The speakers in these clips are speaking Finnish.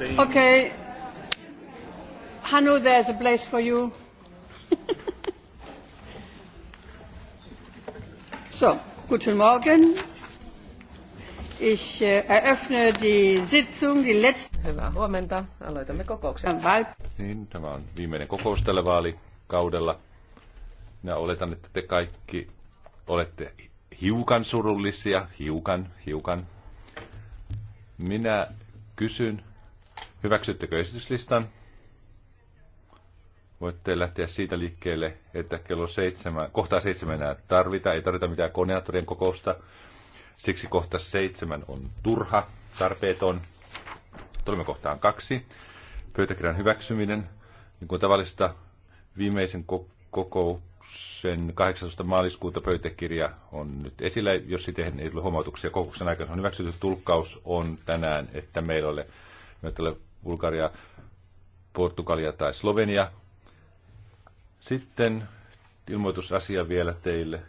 Okay. Hanu, there's a place for you. so, guten Morgen. Ich äh, eröffne die Sitzung, die letzte... Hyvää huomenta. Aloitamme kokouksen. Niin, tämä on viimeinen kokous tällä vaalikaudella. Minä oletan, että te kaikki olette hiukan surullisia, hiukan, hiukan. Minä kysyn, Hyväksyttekö esityslistan? Voitte lähteä siitä liikkeelle, että kello seitsemän, kohtaa seitsemän ei tarvita, ei tarvita mitään koordinaattorien kokousta. Siksi kohta seitsemän on turha, tarpeeton. Tulemme kohtaan kaksi. Pöytäkirjan hyväksyminen. Niin kuin tavallista viimeisen kokouksen 18. maaliskuuta pöytäkirja on nyt esillä. Jos siihen ei ole huomautuksia kokouksen aikana, on hyväksytty tulkkaus on tänään, että meillä ole, me ole Bulgaria, Portugalia tai Slovenia. Sitten ilmoitusasia vielä teille.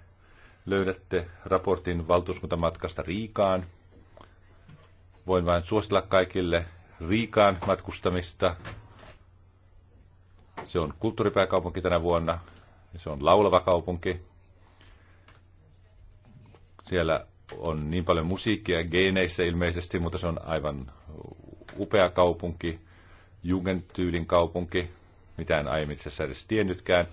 Löydätte raportin valtuuskuntamatkasta Riikaan. Voin vain suositella kaikille Riikaan matkustamista. Se on kulttuuripääkaupunki tänä vuonna. Se on laulava kaupunki. Siellä on niin paljon musiikkia geneissä ilmeisesti, mutta se on aivan upea kaupunki, Jugendtyylin kaupunki, en aiemmin itse asiassa edes tiennytkään.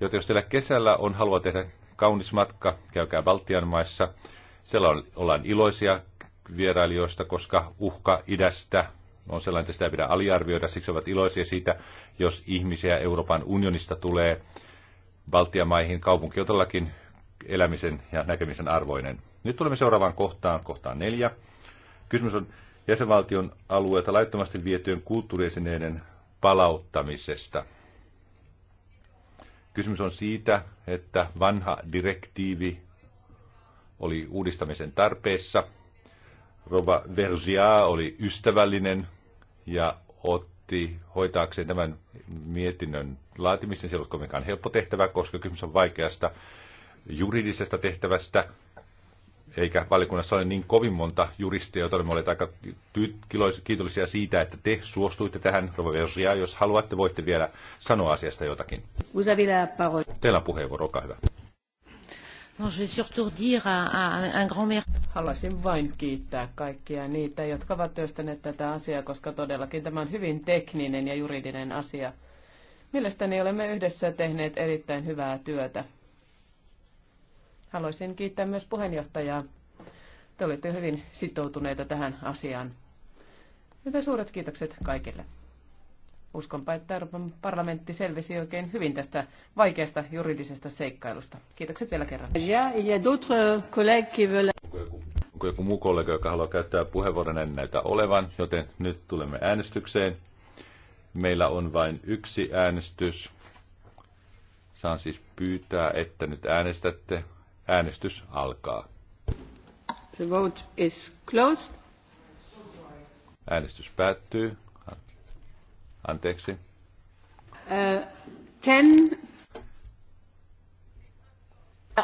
Joten jos teillä kesällä on halua tehdä kaunis matka, käykää Baltian maissa. Siellä on, ollaan iloisia vierailijoista, koska uhka idästä on sellainen, että sitä ei pidä aliarvioida. Siksi ovat iloisia siitä, jos ihmisiä Euroopan unionista tulee Baltian maihin. Kaupunki on todellakin elämisen ja näkemisen arvoinen. Nyt tulemme seuraavaan kohtaan, kohtaan neljä. Kysymys on jäsenvaltion alueelta laittomasti vietyjen kulttuuriesineiden palauttamisesta. Kysymys on siitä, että vanha direktiivi oli uudistamisen tarpeessa. Rova Vergia oli ystävällinen ja otti hoitaakseen tämän mietinnön laatimisen. Se ei ollut kovinkaan helppo tehtävä, koska kysymys on vaikeasta juridisesta tehtävästä – eikä valiokunnassa ole niin kovin monta juristia, joita olemme aika kiitollisia siitä, että te suostuitte tähän. Rovaversia, jos haluatte, voitte vielä sanoa asiasta jotakin. Teillä on puheenvuoro, olkaa hyvä. je surtout dire un, un grand merci. Haluaisin vain kiittää kaikkia niitä, jotka ovat työstäneet tätä asiaa, koska todellakin tämä on hyvin tekninen ja juridinen asia. Mielestäni olemme yhdessä tehneet erittäin hyvää työtä. Haluaisin kiittää myös puheenjohtajaa. Te olette hyvin sitoutuneita tähän asiaan. Hyvä suuret kiitokset kaikille. Uskonpa, että Euroopan parlamentti selvisi oikein hyvin tästä vaikeasta juridisesta seikkailusta. Kiitokset vielä kerran. Onko joku muu kollega, joka haluaa käyttää puheenvuoron, ennen näitä olevan, joten nyt tulemme äänestykseen. Meillä on vain yksi äänestys. Saan siis pyytää, että nyt äänestätte Äänestys alkaa. The vote is closed. Äänestys päättyy. Anteeksi. Uh, ten.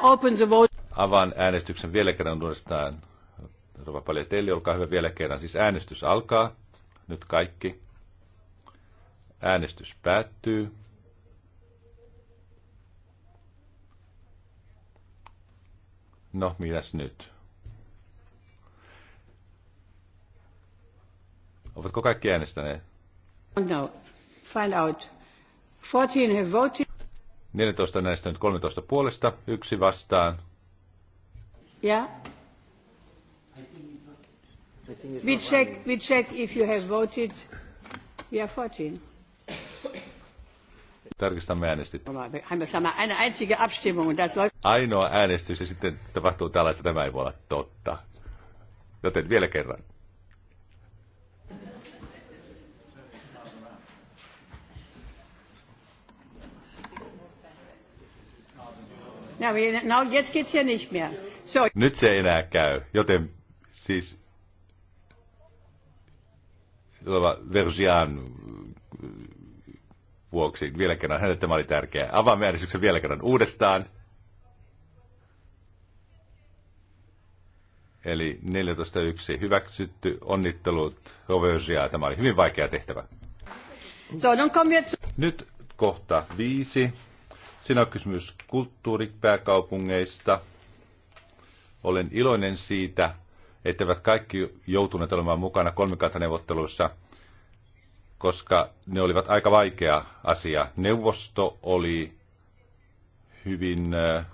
Open the vote. Avaan äänestyksen vielä kerran uudestaan. Rova Paljetelli, olkaa hyvä vielä kerran. Siis äänestys alkaa. Nyt kaikki. Äänestys päättyy. No, mitäs nyt? Ovatko kaikki äänestäneet? No, find out. 14 have voted. 14 näistä nyt 13 puolesta, yksi vastaan. Yeah. We check, we check if you have voted. We are 14. Tarkistamme äänestit. Ainoa äänestys ja sitten tapahtuu tällaista, tämä ei voi olla totta. Joten vielä kerran. Nyt se ei enää käy, joten siis tuleva Vergian vuoksi. Vielä kerran hänelle tämä oli tärkeää. Avaamme äänestyksen vielä kerran uudestaan. Eli 14.1. Hyväksytty. Onnittelut. Oversia. Tämä oli hyvin vaikea tehtävä. Nyt kohta viisi. Siinä on kysymys kulttuuripääkaupungeista. Olen iloinen siitä, etteivät kaikki joutuneet olemaan mukana kolmikantaneuvotteluissa – koska ne olivat aika vaikea asia. Neuvosto oli hyvin äh,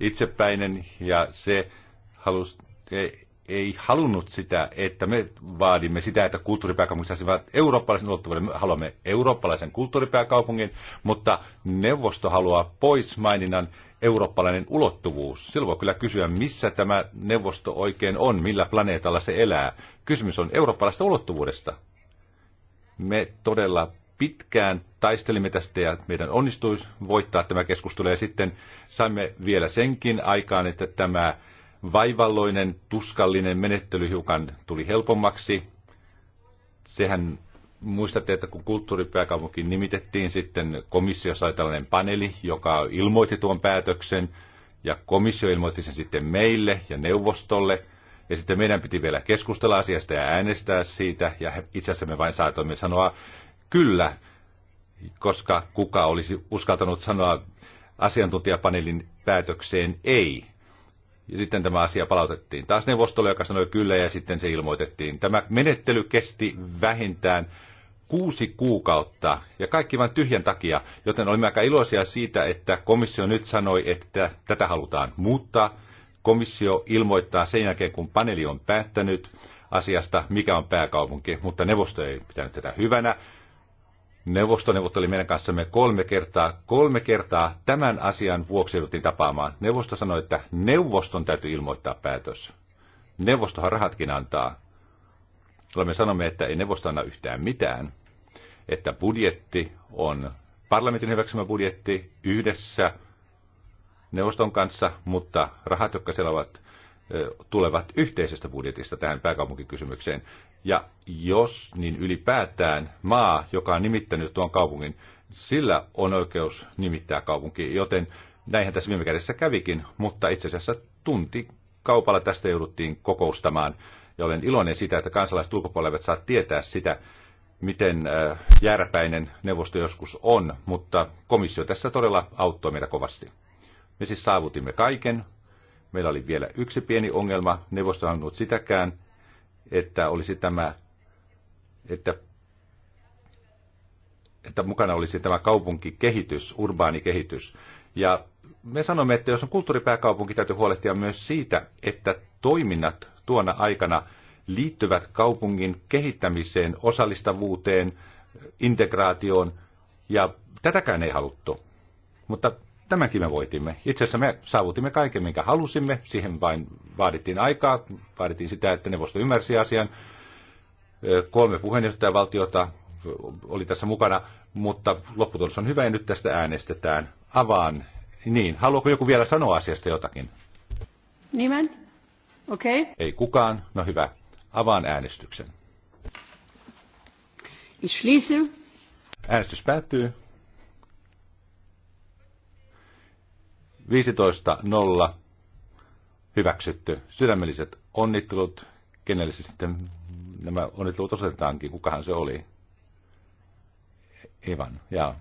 itsepäinen ja se halus, ei, ei halunnut sitä, että me vaadimme sitä, että kulttuuripääkaupungissa olisi eurooppalaisen ulottuvuuden. Me haluamme eurooppalaisen kulttuuripääkaupungin, mutta neuvosto haluaa pois maininnan eurooppalainen ulottuvuus. Silloin voi kyllä kysyä, missä tämä neuvosto oikein on, millä planeetalla se elää. Kysymys on eurooppalaisesta ulottuvuudesta. Me todella pitkään taistelimme tästä ja meidän onnistui voittaa tämä keskustelu ja sitten saimme vielä senkin aikaan, että tämä vaivalloinen, tuskallinen menettely hiukan tuli helpommaksi. Sehän muistatte, että kun kulttuuripääkaupunki nimitettiin, sitten komissio sai tällainen paneeli, joka ilmoitti tuon päätöksen, ja komissio ilmoitti sen sitten meille ja neuvostolle, ja sitten meidän piti vielä keskustella asiasta ja äänestää siitä, ja itse asiassa me vain saatoimme sanoa kyllä, koska kuka olisi uskaltanut sanoa asiantuntijapaneelin päätökseen ei. Ja sitten tämä asia palautettiin taas neuvostolle, joka sanoi kyllä, ja sitten se ilmoitettiin. Tämä menettely kesti vähintään kuusi kuukautta ja kaikki vain tyhjän takia, joten olimme aika iloisia siitä, että komissio nyt sanoi, että tätä halutaan muuttaa. Komissio ilmoittaa sen jälkeen, kun paneeli on päättänyt asiasta, mikä on pääkaupunki, mutta neuvosto ei pitänyt tätä hyvänä. Neuvosto neuvotteli meidän kanssamme kolme kertaa. Kolme kertaa tämän asian vuoksi jouduttiin tapaamaan. Neuvosto sanoi, että neuvoston täytyy ilmoittaa päätös. Neuvostohan rahatkin antaa. Olemme sanomme, että ei neuvosto anna yhtään mitään että budjetti on parlamentin hyväksymä budjetti yhdessä neuvoston kanssa, mutta rahat, jotka siellä ovat, tulevat yhteisestä budjetista tähän pääkaupunkikysymykseen. Ja jos, niin ylipäätään maa, joka on nimittänyt tuon kaupungin, sillä on oikeus nimittää kaupunki, joten näinhän tässä viime kädessä kävikin, mutta itse asiassa tunti kaupalla tästä jouduttiin kokoustamaan. Ja olen iloinen sitä, että kansalaiset ulkopuolelle saa tietää sitä, miten äh, järpäinen neuvosto joskus on, mutta komissio tässä todella auttoi meitä kovasti. Me siis saavutimme kaiken. Meillä oli vielä yksi pieni ongelma, neuvosto on ollut sitäkään, että olisi tämä, että, että mukana olisi tämä kaupunkikehitys, urbaanikehitys. Ja me sanomme, että jos on kulttuuripääkaupunki, täytyy huolehtia myös siitä, että toiminnat tuona aikana – liittyvät kaupungin kehittämiseen, osallistavuuteen, integraatioon, ja tätäkään ei haluttu. Mutta tämänkin me voitimme. Itse asiassa me saavutimme kaiken, minkä halusimme. Siihen vain vaadittiin aikaa, vaadittiin sitä, että neuvosto ymmärsi asian. Kolme puheenjohtajavaltiota oli tässä mukana, mutta lopputulos on hyvä ja nyt tästä äänestetään. Avaan. Niin, haluaako joku vielä sanoa asiasta jotakin? Nimen? Okei. Okay. Ei kukaan. No hyvä. Avaan äänestyksen. Ich schließe. Äänestys päättyy. 15.0. Hyväksytty. Sydämelliset onnittelut. Kenelle se sitten nämä onnittelut osoitetaankin? Kukahan se oli? Ivan, ja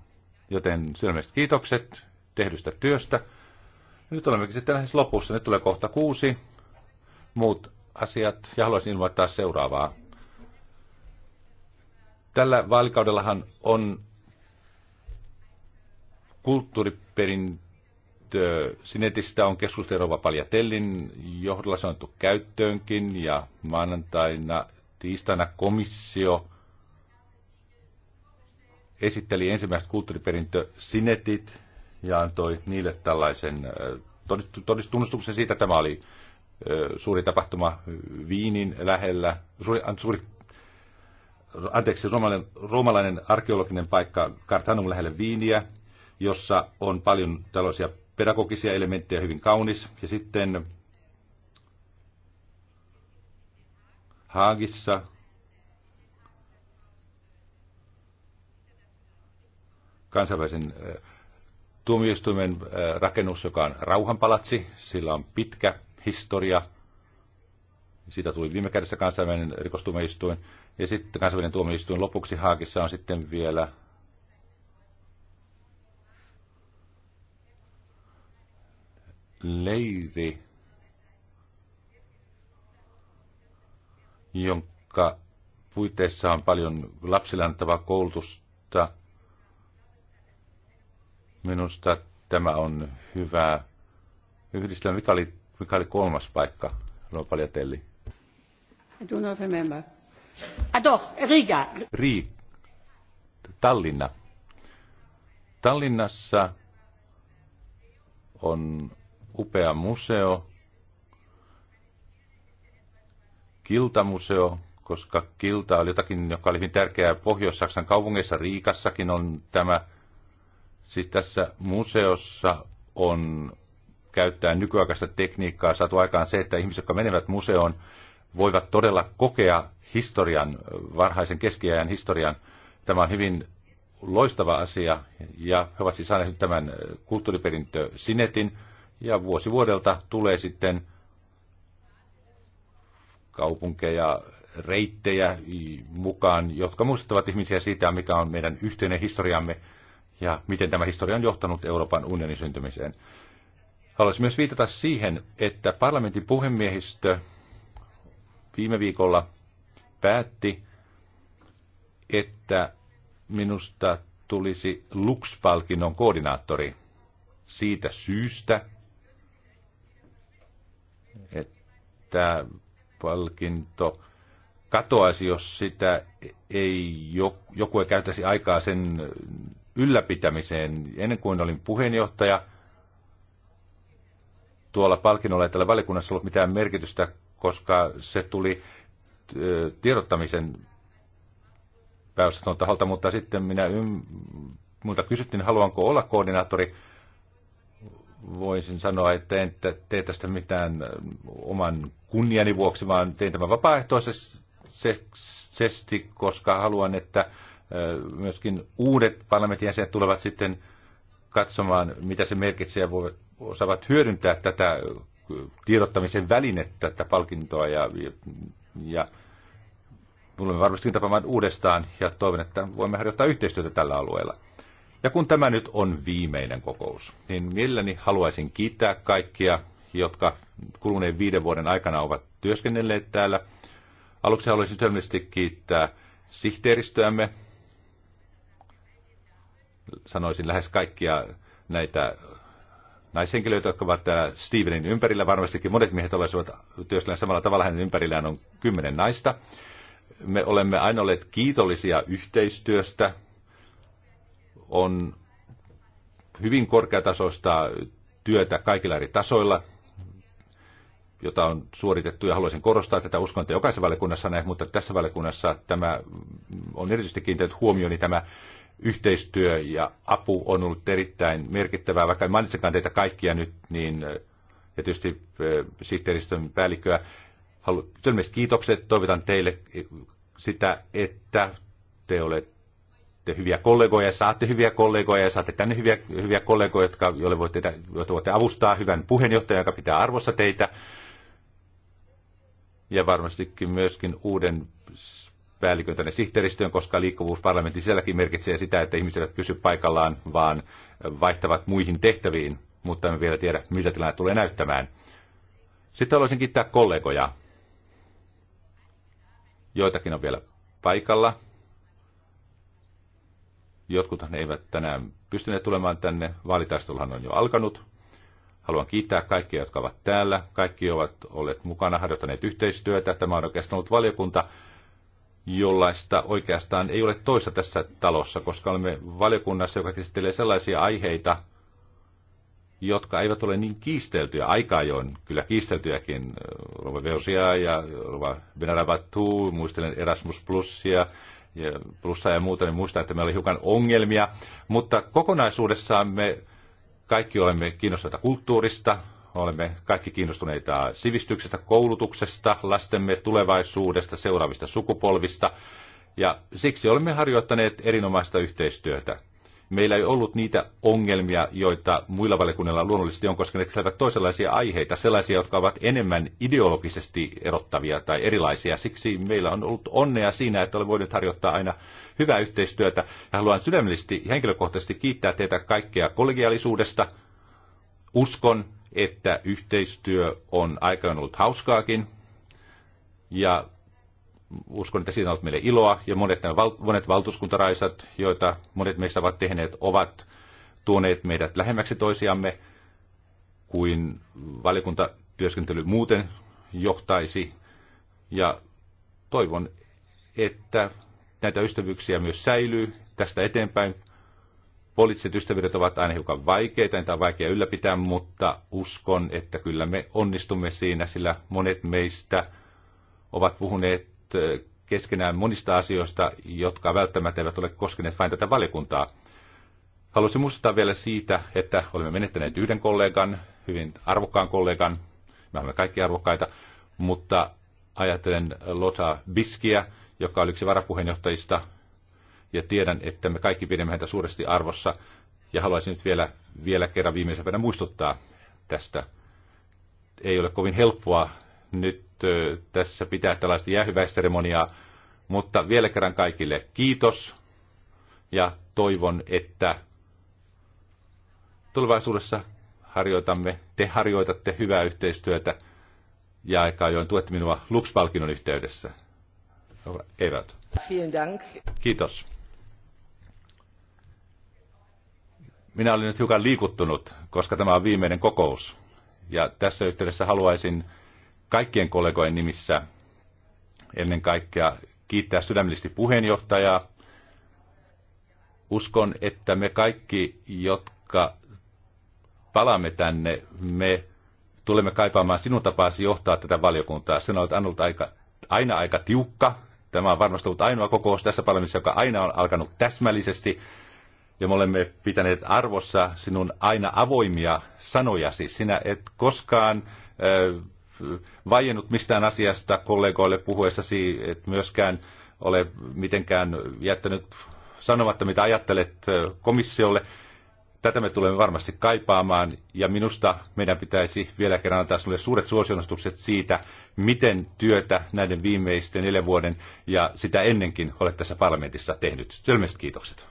Joten sydämelliset kiitokset tehdystä työstä. Nyt olemmekin sitten lähes lopussa. Nyt tulee kohta kuusi. Muut asiat ja haluaisin ilmoittaa seuraavaa. Tällä vaalikaudellahan on kulttuuriperintö Sinetistä on keskustelua Paljatellin johdolla se on käyttöönkin ja maanantaina, tiistaina komissio esitteli ensimmäiset kulttuuriperintö Sinetit ja antoi niille tällaisen äh, todistunnustuksen siitä, että tämä oli suuri tapahtuma Viinin lähellä, suuri, suuri anteeksi, roomalainen, roomalainen arkeologinen paikka Kartanum lähellä Viiniä, jossa on paljon tällaisia pedagogisia elementtejä, hyvin kaunis. Ja sitten Haagissa kansainvälisen tuomioistuimen rakennus, joka on rauhanpalatsi. Sillä on pitkä historia. Siitä tuli viime kädessä kansainvälinen rikostuomioistuin. Ja sitten kansainvälinen tuomioistuin lopuksi Haakissa on sitten vielä leiri, jonka puitteissa on paljon lapsille annettavaa koulutusta. Minusta tämä on hyvä yhdistelmä, mikä oli mikä oli kolmas paikka? No paljon telli. I do not remember. Adoh, Riga. Ri. Tallinna. Tallinnassa on upea museo, kiltamuseo, koska kilta oli jotakin, joka oli hyvin tärkeää Pohjois-Saksan kaupungeissa, Riikassakin on tämä. Siis tässä museossa on käyttää nykyaikaista tekniikkaa saatu aikaan se, että ihmiset, jotka menevät museoon, voivat todella kokea historian, varhaisen keskiajan historian. Tämä on hyvin loistava asia ja he ovat siis saaneet tämän äh, kulttuuriperintö äh, Sinetin ja vuosi vuodelta tulee sitten kaupunkeja, reittejä mukaan, jotka muistuttavat ihmisiä siitä, mikä on meidän yhteinen historiamme ja miten tämä historia on johtanut Euroopan unionin syntymiseen. Haluaisin myös viitata siihen, että parlamentin puhemiehistö viime viikolla päätti, että minusta tulisi Lux-palkinnon koordinaattori siitä syystä, että palkinto katoaisi, jos sitä ei, joku ei käyttäisi aikaa sen ylläpitämiseen. Ennen kuin olin puheenjohtaja, tuolla palkinnolla ei tällä valikunnassa ollut mitään merkitystä, koska se tuli tiedottamisen pääosaston taholta, mutta sitten minä ym... multa kysyttiin, haluanko olla koordinaattori. Voisin sanoa, että en tee tästä mitään oman kunniani vuoksi, vaan tein tämän vapaaehtoisesti, koska haluan, että myöskin uudet parlamentin jäsenet tulevat sitten katsomaan, mitä se merkitsee ja voivat osaavat hyödyntää tätä tiedottamisen välinettä, tätä palkintoa ja, ja tulemme varmasti tapaamaan uudestaan ja toivon, että voimme harjoittaa yhteistyötä tällä alueella. Ja kun tämä nyt on viimeinen kokous, niin mielelläni haluaisin kiittää kaikkia, jotka kuluneen viiden vuoden aikana ovat työskennelleet täällä. Aluksi haluaisin sydämellisesti kiittää sihteeristöämme, sanoisin lähes kaikkia näitä naishenkilöitä, jotka ovat äh, Stevenin ympärillä. Varmastikin monet miehet olisivat työskennellä samalla tavalla. Hänen ympärillään on kymmenen naista. Me olemme aina olleet kiitollisia yhteistyöstä. On hyvin korkeatasoista työtä kaikilla eri tasoilla, jota on suoritettu ja haluaisin korostaa tätä uskontoa jokaisessa valiokunnassa näin, mutta tässä valiokunnassa tämä on erityisesti kiinnitetty niin tämä yhteistyö ja apu on ollut erittäin merkittävää, vaikka en mainitsekaan teitä kaikkia nyt, niin ja tietysti sihteeristön päällikköä. Haluan kiitokset, toivotan teille sitä, että te olette hyviä kollegoja, saatte hyviä kollegoja, ja saatte tänne hyviä, hyviä kollegoja, jotka, joille voitte, joita voitte avustaa, hyvän puheenjohtajan, joka pitää arvossa teitä. Ja varmastikin myöskin uuden päällikön tänne sihteeristöön, koska liikkuvuus parlamentin sielläkin merkitsee sitä, että ihmiset eivät pysy paikallaan, vaan vaihtavat muihin tehtäviin, mutta emme vielä tiedä, miltä tilanne tulee näyttämään. Sitten haluaisin kiittää kollegoja. Joitakin on vielä paikalla. Jotkuthan eivät tänään pystyneet tulemaan tänne. Vaalitaisteluhan on jo alkanut. Haluan kiittää kaikkia, jotka ovat täällä. Kaikki ovat olleet mukana, harjoittaneet yhteistyötä. Tämä on oikeastaan ollut valiokunta, jollaista oikeastaan ei ole toista tässä talossa, koska olemme valiokunnassa, joka käsittelee sellaisia aiheita, jotka eivät ole niin kiisteltyjä, aika ajoin kyllä kiisteltyjäkin, Rova Veosia ja Rova Benarabatu, muistelen Erasmus Plusia, ja plussa ja muuta, niin muistan, että meillä oli hiukan ongelmia. Mutta kokonaisuudessaan me kaikki olemme kiinnostuneita kulttuurista, olemme kaikki kiinnostuneita sivistyksestä, koulutuksesta, lastemme tulevaisuudesta, seuraavista sukupolvista. Ja siksi olemme harjoittaneet erinomaista yhteistyötä. Meillä ei ollut niitä ongelmia, joita muilla valiokunnilla luonnollisesti on, koska ne sisältävät toisenlaisia aiheita, sellaisia, jotka ovat enemmän ideologisesti erottavia tai erilaisia. Siksi meillä on ollut onnea siinä, että olemme voineet harjoittaa aina hyvää yhteistyötä. Ja haluan sydämellisesti ja henkilökohtaisesti kiittää teitä kaikkea kollegiaalisuudesta, uskon, että yhteistyö on aikaan ollut hauskaakin. Ja uskon, että siinä on ollut meille iloa. Ja monet, val- monet valtuuskuntaraisat, joita monet meistä ovat tehneet, ovat tuoneet meidät lähemmäksi toisiamme kuin valikuntatyöskentely muuten johtaisi. Ja toivon, että näitä ystävyyksiä myös säilyy tästä eteenpäin Poliittiset ystävyydet ovat aina hiukan vaikeita, niitä on vaikea ylläpitää, mutta uskon, että kyllä me onnistumme siinä, sillä monet meistä ovat puhuneet keskenään monista asioista, jotka välttämättä eivät ole koskeneet vain tätä valiokuntaa. Haluaisin muistuttaa vielä siitä, että olemme menettäneet yhden kollegan, hyvin arvokkaan kollegan, me olemme kaikki arvokkaita, mutta ajattelen Lota Biskiä, joka oli yksi varapuheenjohtajista ja tiedän, että me kaikki pidämme häntä suuresti arvossa. Ja haluaisin nyt vielä, vielä kerran viimeisenä muistuttaa tästä. Ei ole kovin helppoa nyt ö, tässä pitää tällaista jäähyväisseremoniaa, mutta vielä kerran kaikille kiitos ja toivon, että tulevaisuudessa harjoitamme, te harjoitatte hyvää yhteistyötä ja aika ajoin tuette minua Lux-palkinnon yhteydessä. Evert. Vielen Dank. Kiitos. Minä olin nyt hiukan liikuttunut, koska tämä on viimeinen kokous. Ja tässä yhteydessä haluaisin kaikkien kollegojen nimissä ennen kaikkea kiittää sydämellisesti puheenjohtajaa. Uskon, että me kaikki, jotka palaamme tänne, me tulemme kaipaamaan sinun tapaasi johtaa tätä valiokuntaa. Sinä olet annut aika, aina aika tiukka. Tämä on varmasti ollut ainoa kokous tässä parlamentissa, joka aina on alkanut täsmällisesti ja me olemme pitäneet arvossa sinun aina avoimia sanojasi. Sinä et koskaan äh, vajennut mistään asiasta kollegoille puhuessasi, et myöskään ole mitenkään jättänyt sanomatta, mitä ajattelet äh, komissiolle. Tätä me tulemme varmasti kaipaamaan ja minusta meidän pitäisi vielä kerran antaa sinulle suuret suosionostukset siitä, miten työtä näiden viimeisten neljän vuoden ja sitä ennenkin olet tässä parlamentissa tehnyt. Sylmäiset kiitokset.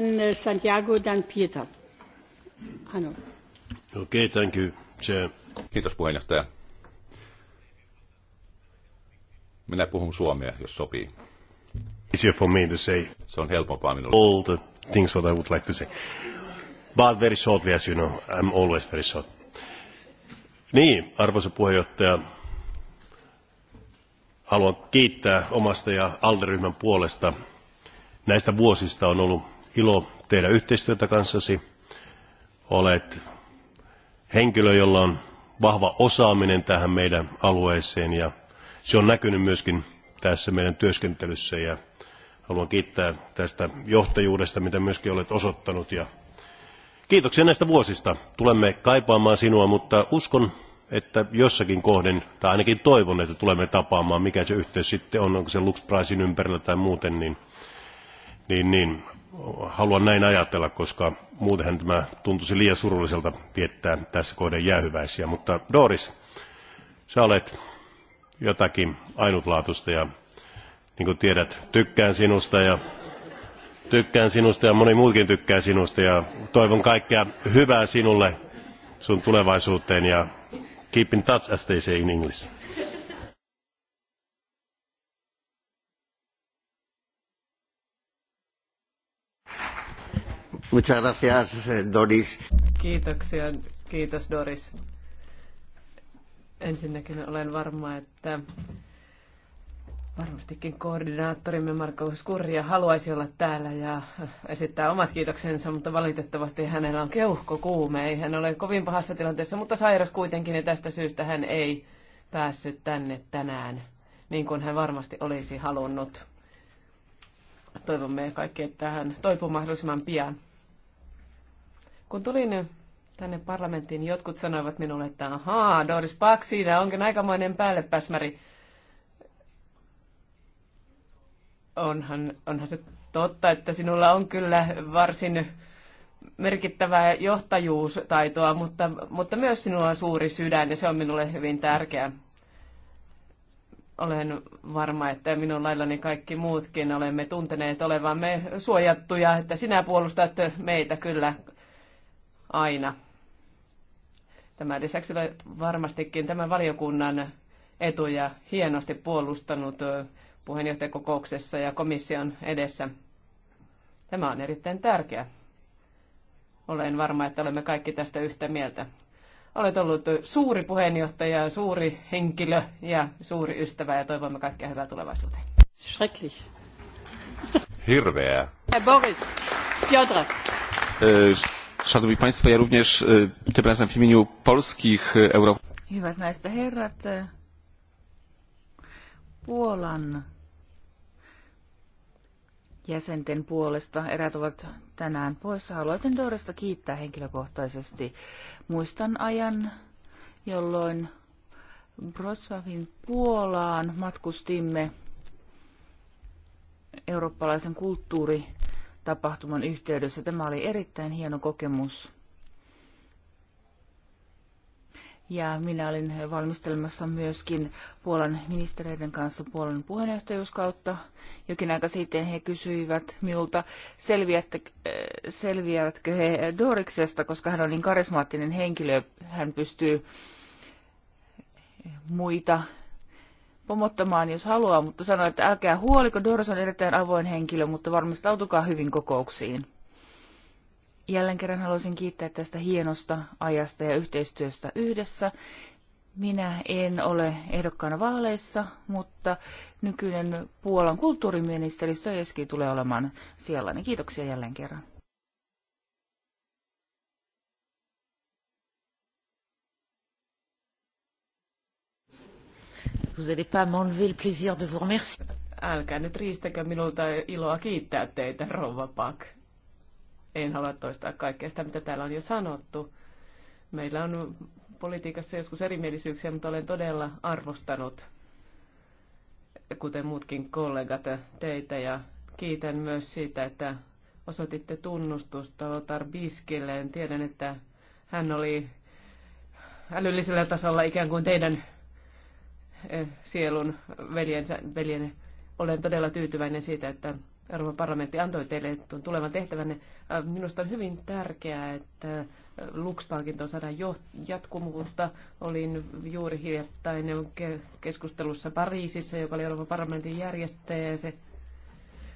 Äh, Then Kiitos puheenjohtaja. Minä puhun suomea, jos sopii. Easier for me to say. Se on helpompaa minulle. All the things what I would like to say. But very shortly, as you know, I'm always very short. Niin, arvoisa puheenjohtaja, haluan kiittää omasta ja alderyhmän puolesta. Näistä vuosista on ollut ilo tehdä yhteistyötä kanssasi. Olet henkilö, jolla on vahva osaaminen tähän meidän alueeseen ja se on näkynyt myöskin tässä meidän työskentelyssä ja haluan kiittää tästä johtajuudesta, mitä myöskin olet osoittanut ja kiitoksia näistä vuosista. Tulemme kaipaamaan sinua, mutta uskon, että jossakin kohden, tai ainakin toivon, että tulemme tapaamaan, mikä se yhteys sitten on, onko se Lux Pricein ympärillä tai muuten, niin, niin, niin haluan näin ajatella, koska muutenhan tämä tuntuisi liian surulliselta viettää tässä kohden jäähyväisiä. Mutta Doris, sä olet jotakin ainutlaatuista ja niin kuin tiedät, tykkään sinusta ja tykkään sinusta ja moni muukin tykkää sinusta ja toivon kaikkea hyvää sinulle sun tulevaisuuteen ja keep in touch as they say in English. Muchas gracias, Doris. Kiitoksia. Kiitos, Doris. Ensinnäkin olen varma, että varmastikin koordinaattorimme Marko Skurja haluaisi olla täällä ja esittää omat kiitoksensa, mutta valitettavasti hänellä on kuume. Ei hän ole kovin pahassa tilanteessa, mutta sairas kuitenkin ja tästä syystä hän ei päässyt tänne tänään, niin kuin hän varmasti olisi halunnut. Toivomme kaikki, että hän toipuu mahdollisimman pian. Kun tulin tänne parlamenttiin, jotkut sanoivat minulle, että ahaa, Doris Park siinä onkin aikamoinen päällepäsmäri. Onhan, onhan se totta, että sinulla on kyllä varsin merkittävää johtajuustaitoa, mutta, mutta myös sinulla on suuri sydän ja se on minulle hyvin tärkeää. Olen varma, että minun laillani kaikki muutkin olemme tunteneet olevamme suojattuja, että sinä puolustat meitä kyllä aina. Tämän lisäksi varmastikin tämän valiokunnan etuja hienosti puolustanut puheenjohtajakokouksessa ja komission edessä. Tämä on erittäin tärkeä. Olen varma, että olemme kaikki tästä yhtä mieltä. Olet ollut suuri puheenjohtaja, suuri henkilö ja suuri ystävä ja toivomme kaikkea hyvää tulevaisuuteen. Schrecklich. Hirveää. Herr Boris, Piotr. Äh, Szanowni Państwo, ja również tym razem w imieniu polskich Hyvät naiset ja herrat, Puolan jäsenten puolesta. Erät ovat tänään poissa. Haluaisin kiittää henkilökohtaisesti. Muistan ajan, jolloin Puolaan matkustimme eurooppalaisen kulttuuri tapahtuman yhteydessä. Tämä oli erittäin hieno kokemus. Ja minä olin valmistelemassa myöskin Puolan ministereiden kanssa Puolan puheenjohtajuuskautta. Jokin aika sitten he kysyivät minulta, äh, selviävätkö he Doriksesta, koska hän on niin karismaattinen henkilö, hän pystyy muita pomottamaan, jos haluaa, mutta sanoi, että älkää huoliko, Doris on erittäin avoin henkilö, mutta varmistautukaa hyvin kokouksiin. Jälleen kerran haluaisin kiittää tästä hienosta ajasta ja yhteistyöstä yhdessä. Minä en ole ehdokkaana vaaleissa, mutta nykyinen Puolan kulttuuriministeri Stöjeski tulee olemaan siellä. Kiitoksia jälleen kerran. Vous n'allez pas m'enlever le plaisir de vous remercier. Älkää nyt riistäkö minulta iloa kiittää teitä, Rova Pak. En halua toistaa kaikkea sitä, mitä täällä on jo sanottu. Meillä on politiikassa joskus erimielisyyksiä, mutta olen todella arvostanut, kuten muutkin kollegat, teitä ja kiitän myös siitä, että osoititte tunnustusta Lothar Biskilleen. Tiedän, että hän oli älyllisellä tasolla ikään kuin teidän sielun veljensä, veljene Olen todella tyytyväinen siitä, että Euroopan parlamentti antoi teille tuon tulevan tehtävänne. Minusta on hyvin tärkeää, että Lux-palkinto saadaan jatkumuutta. Olin juuri hiljattain keskustelussa Pariisissa, joka oli Euroopan parlamentin järjestäjä, ja se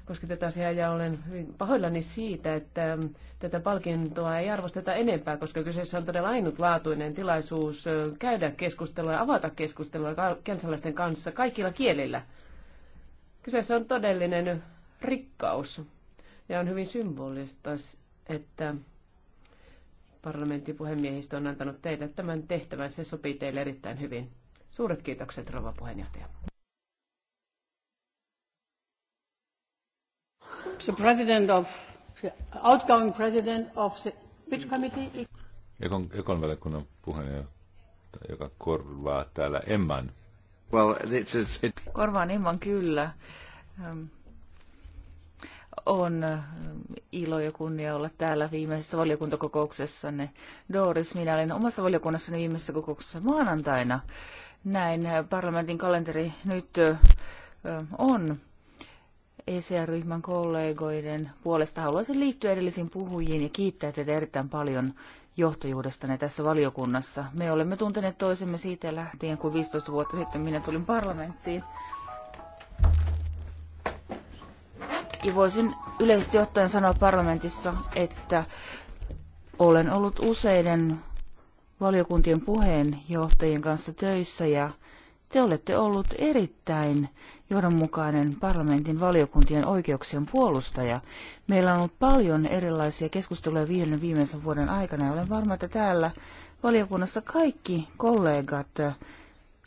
koska tätä asiaa ja olen hyvin pahoillani siitä, että ähm, tätä palkintoa ei arvosteta enempää, koska kyseessä on todella ainutlaatuinen tilaisuus äh, käydä keskustelua ja avata keskustelua kansalaisten kanssa kaikilla kielillä. Kyseessä on todellinen rikkaus ja on hyvin symbolista, että parlamentin puhemiehistö on antanut teille tämän tehtävän. Se sopii teille erittäin hyvin. Suuret kiitokset, rouva puheenjohtaja. outgoing president of the, which committee? Ekon, Ekon valiokunnan puheenjohtaja, joka korvaa täällä Emman. Well, it's, it's, it... Korvaan Emman kyllä. On ilo ja kunnia olla täällä viimeisessä valiokuntakokouksessanne. Doris, minä olin omassa valiokunnassani viimeisessä kokouksessa maanantaina. Näin parlamentin kalenteri nyt on ECR-ryhmän kollegoiden puolesta. Haluaisin liittyä edellisiin puhujiin ja kiittää teitä erittäin paljon johtajuudestanne tässä valiokunnassa. Me olemme tunteneet toisemme siitä lähtien, kun 15 vuotta sitten minä tulin parlamenttiin. Ja voisin yleisesti ottaen sanoa parlamentissa, että olen ollut useiden valiokuntien puheenjohtajien kanssa töissä ja te olette ollut erittäin johdonmukainen parlamentin valiokuntien oikeuksien puolustaja. Meillä on ollut paljon erilaisia keskusteluja viiden viimeisen vuoden aikana ja olen varma, että täällä valiokunnassa kaikki kollegat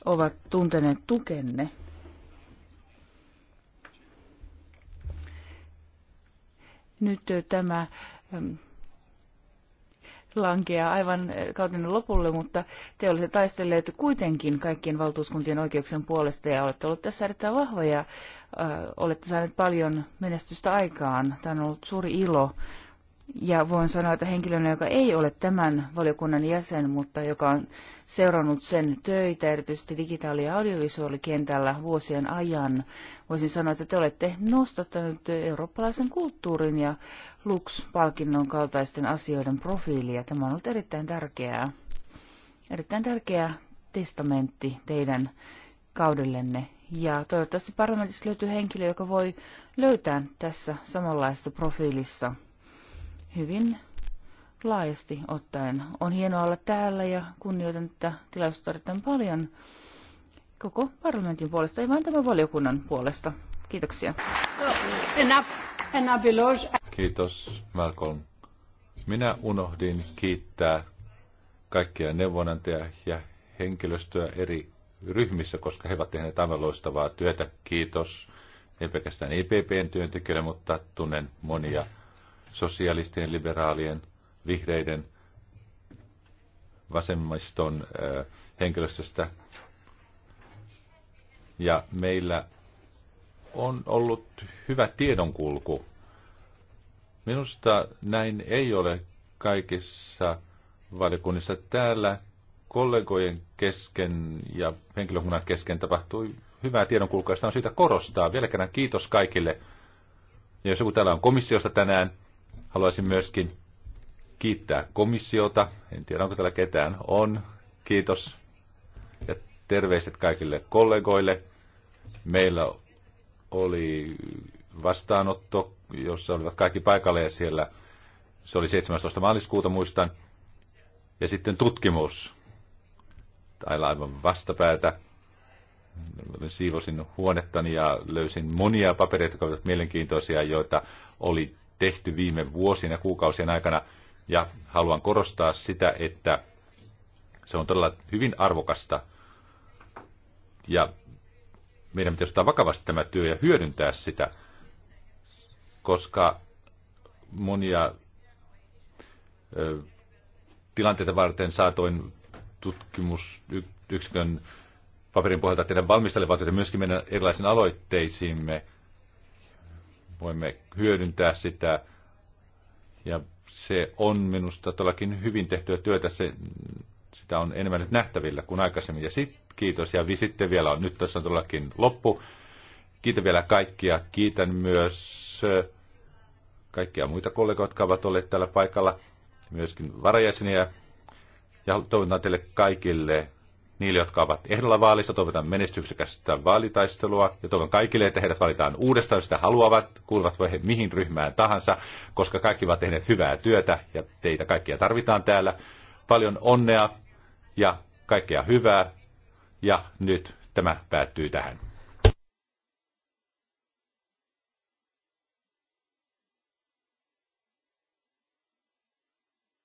ovat tunteneet tukenne. Nyt tämä lankeaa aivan eh, kauden lopulle, mutta te olette taistelleet kuitenkin kaikkien valtuuskuntien oikeuksien puolesta ja olette olleet tässä erittäin vahvoja. Olette saaneet paljon menestystä aikaan. Tämä on ollut suuri ilo ja voin sanoa, että henkilönä, joka ei ole tämän valiokunnan jäsen, mutta joka on seurannut sen töitä, erityisesti digitaali- ja audiovisuaalikentällä vuosien ajan, voisin sanoa, että te olette nostattaneet eurooppalaisen kulttuurin ja Lux-palkinnon kaltaisten asioiden profiilia. Tämä on ollut erittäin tärkeää, erittäin tärkeä testamentti teidän kaudellenne. Ja toivottavasti parlamentissa löytyy henkilö, joka voi löytää tässä samanlaisessa profiilissa – hyvin laajasti ottaen. On hienoa olla täällä ja kunnioitan tätä tilaisuutta erittäin paljon koko parlamentin puolesta, ei vain tämän valiokunnan puolesta. Kiitoksia. Kiitos, Malcolm. Minä unohdin kiittää kaikkia neuvonantajia ja henkilöstöä eri ryhmissä, koska he ovat tehneet aivan loistavaa työtä. Kiitos. Ei pelkästään IPPn työntekijöille, mutta tunnen monia sosialistien, liberaalien, vihreiden, vasemmiston henkilöstöstä. Ja meillä on ollut hyvä tiedonkulku. Minusta näin ei ole kaikissa valiokunnissa. Täällä kollegojen kesken ja henkilökunnan kesken tapahtui hyvää tiedonkulkua, sitä on syytä korostaa. Vielä kerran kiitos kaikille. Ja jos joku täällä on komissiosta tänään, Haluaisin myöskin kiittää komissiota. En tiedä, onko täällä ketään. On. Kiitos. Ja terveiset kaikille kollegoille. Meillä oli vastaanotto, jossa olivat kaikki paikalle ja siellä se oli 17. maaliskuuta muistan. Ja sitten tutkimus. Tai aivan vastapäätä. Siivosin huonettani ja löysin monia papereita, jotka olivat mielenkiintoisia, joita oli tehty viime vuosina ja kuukausien aikana. Ja haluan korostaa sitä, että se on todella hyvin arvokasta. Ja meidän pitäisi ottaa vakavasti tämä työ ja hyödyntää sitä, koska monia ö, tilanteita varten saatoin tutkimusyksikön paperin pohjalta tehdä valmistelevaa joten myöskin meidän erilaisiin aloitteisiimme – voimme hyödyntää sitä. Ja se on minusta todellakin hyvin tehtyä työtä. Se, sitä on enemmän nyt nähtävillä kuin aikaisemmin. Ja sit, kiitos. Ja sitten vielä on, nyt tässä todellakin loppu. Kiitän vielä kaikkia. Kiitän myös kaikkia muita kollegoita, jotka ovat olleet täällä paikalla. Myöskin varajäseniä. Ja toivotan teille kaikille niille, jotka ovat ehdolla vaalissa. Toivotan menestyksekästä vaalitaistelua ja toivon kaikille, että heidät valitaan uudestaan, jos sitä haluavat, kuuluvat he mihin ryhmään tahansa, koska kaikki ovat tehneet hyvää työtä ja teitä kaikkia tarvitaan täällä. Paljon onnea ja kaikkea hyvää ja nyt tämä päättyy tähän.